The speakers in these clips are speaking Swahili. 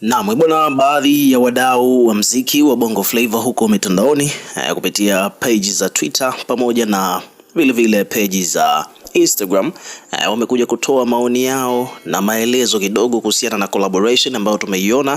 Naam, bwana, baadhi ya wadau wa mziki wa Bongo Flava huko mitandaoni eh, kupitia page za Twitter pamoja na vilevile page za Instagram uh, wamekuja kutoa maoni yao na maelezo kidogo kuhusiana na collaboration ambayo tumeiona,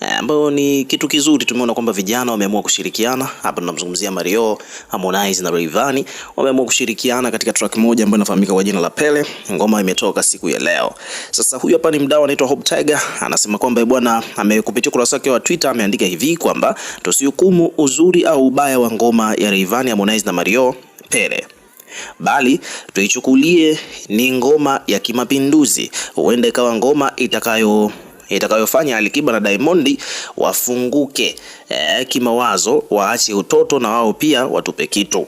eh, ambayo ni kitu kizuri. Tumeona kwamba vijana wameamua kushirikiana, hapa tunamzungumzia Mario, Harmonize na Rayvanny, wameamua kushirikiana katika track moja ambayo inafahamika kwa jina la Pele. Ngoma imetoka siku ya leo. Sasa huyu hapa ni mdau anaitwa Hope Tiger, anasema kwamba eh, bwana, amekupitia kurasa yake wa Twitter, ameandika hivi kwamba tusihukumu uzuri au ubaya wa ngoma ya Rayvanny, Harmonize na Mario Pele bali tuichukulie ni ngoma ya kimapinduzi, huenda ikawa ngoma itakayo itakayofanya Alikiba na Diamond wafunguke e, kimawazo, waache utoto na wao pia watupe kitu.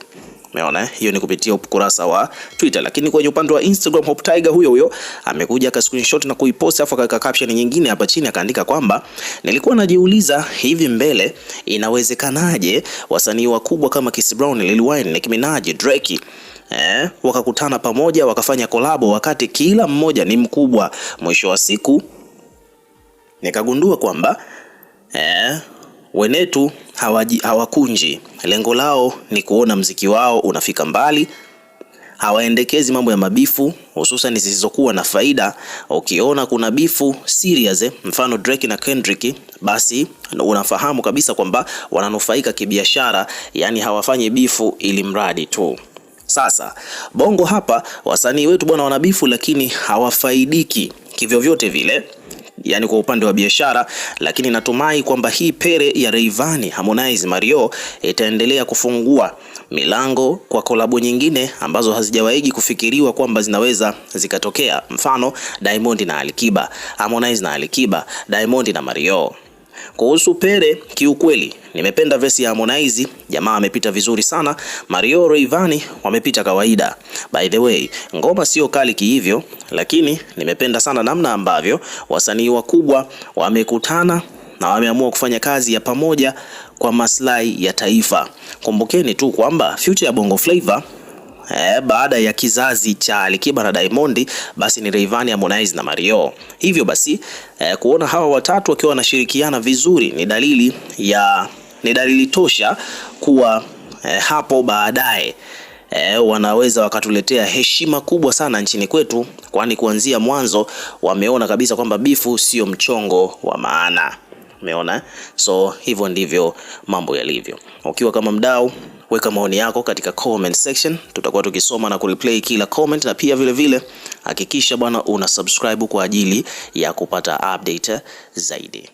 Umeona, eh? hiyo ni kupitia ukurasa wa Twitter, lakini kwenye upande wa Instagram Hope Tiger huyo huyo amekuja aka screenshot na kuipost, afu akaweka caption nyingine hapa chini akaandika kwamba nilikuwa najiuliza hivi mbele inawezekanaje wasanii wakubwa kama Chris Brown, Lil Wayne, Nicki Minaj, Drake eh, wakakutana pamoja wakafanya kolabo, wakati kila mmoja ni mkubwa. Mwisho wa siku nikagundua kwamba eh, wenetu hawaji, hawakunji. Lengo lao ni kuona mziki wao unafika mbali, hawaendekezi mambo ya mabifu hususan zisizokuwa na faida. Ukiona kuna bifu serious, eh, mfano Drake na Kendrick, basi unafahamu kabisa kwamba wananufaika kibiashara, yani hawafanyi bifu ili mradi tu. Sasa bongo hapa wasanii wetu bwana wanabifu, lakini hawafaidiki kivyovyote vile yani kwa upande wa biashara, lakini natumai kwamba hii pere ya Rayvanny, Harmonize, Mario itaendelea kufungua milango kwa kolabo nyingine ambazo hazijawahi kufikiriwa kwamba zinaweza zikatokea. Mfano Diamond na Alikiba, Harmonize na Alikiba, Diamond na Mario. Kuhusu Pere, kiukweli nimependa vesi ya Harmonize, jamaa amepita vizuri sana. Mario Rayvanny wamepita kawaida. By the way, ngoma sio kali kihivyo, lakini nimependa sana namna ambavyo wasanii wakubwa wamekutana na wameamua kufanya kazi ya pamoja kwa maslahi ya taifa. Kumbukeni tu kwamba future ya Bongo Flava eh, baada ya kizazi cha Alikiba na Diamond basi ni Rayvanny, Harmonize na Mario. Hivyo basi eh, kuona hawa watatu wakiwa wanashirikiana vizuri ni dalili ya ni dalili tosha kuwa eh, hapo baadaye eh, wanaweza wakatuletea heshima kubwa sana nchini kwetu, kwani kuanzia mwanzo wameona kabisa kwamba bifu sio mchongo wa maana. Umeona, so hivyo ndivyo mambo yalivyo. Ukiwa kama mdau, weka maoni yako katika comment section, tutakuwa tukisoma na kureplay kila comment, na pia vile vile hakikisha bwana una subscribe kwa ajili ya kupata update zaidi.